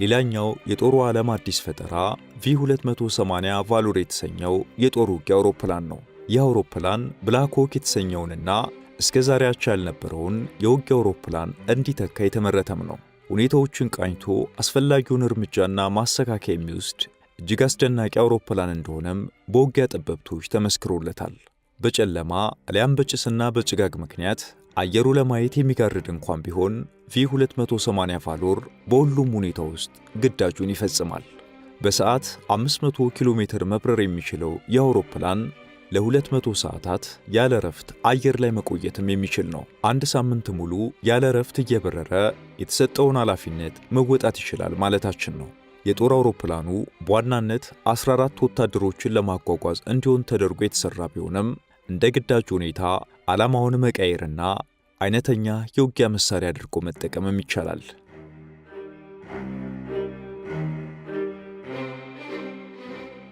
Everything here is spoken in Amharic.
ሌላኛው የጦሩ ዓለም አዲስ ፈጠራ ቪ280 ቫሎር የተሰኘው የጦር ውጊ አውሮፕላን ነው። ይህ አውሮፕላን ብላክሆክ የተሰኘውንና እስከ ዛሬያቸው ያልነበረውን የውጊ አውሮፕላን እንዲተካ የተመረተም ነው። ሁኔታዎችን ቃኝቶ አስፈላጊውን እርምጃና ማስተካከያ የሚወስድ እጅግ አስደናቂ አውሮፕላን እንደሆነም በውጊያ ጠበብቶች ተመስክሮለታል። በጨለማ አሊያም በጭስና በጭጋግ ምክንያት አየሩ ለማየት የሚጋርድ እንኳን ቢሆን ቪ280 ቫሎር በሁሉም ሁኔታ ውስጥ ግዳጁን ይፈጽማል። በሰዓት 500 ኪሎ ሜትር መብረር የሚችለው የአውሮፕላን ለ200 ሰዓታት ያለ ረፍት አየር ላይ መቆየትም የሚችል ነው። አንድ ሳምንት ሙሉ ያለ ረፍት እየበረረ የተሰጠውን ኃላፊነት መወጣት ይችላል ማለታችን ነው። የጦር አውሮፕላኑ በዋናነት 14 ወታደሮችን ለማጓጓዝ እንዲሆን ተደርጎ የተሰራ ቢሆንም እንደ ግዳጅ ሁኔታ ዓላማውን መቀየርና አይነተኛ የውጊያ መሳሪያ አድርጎ መጠቀምም ይቻላል።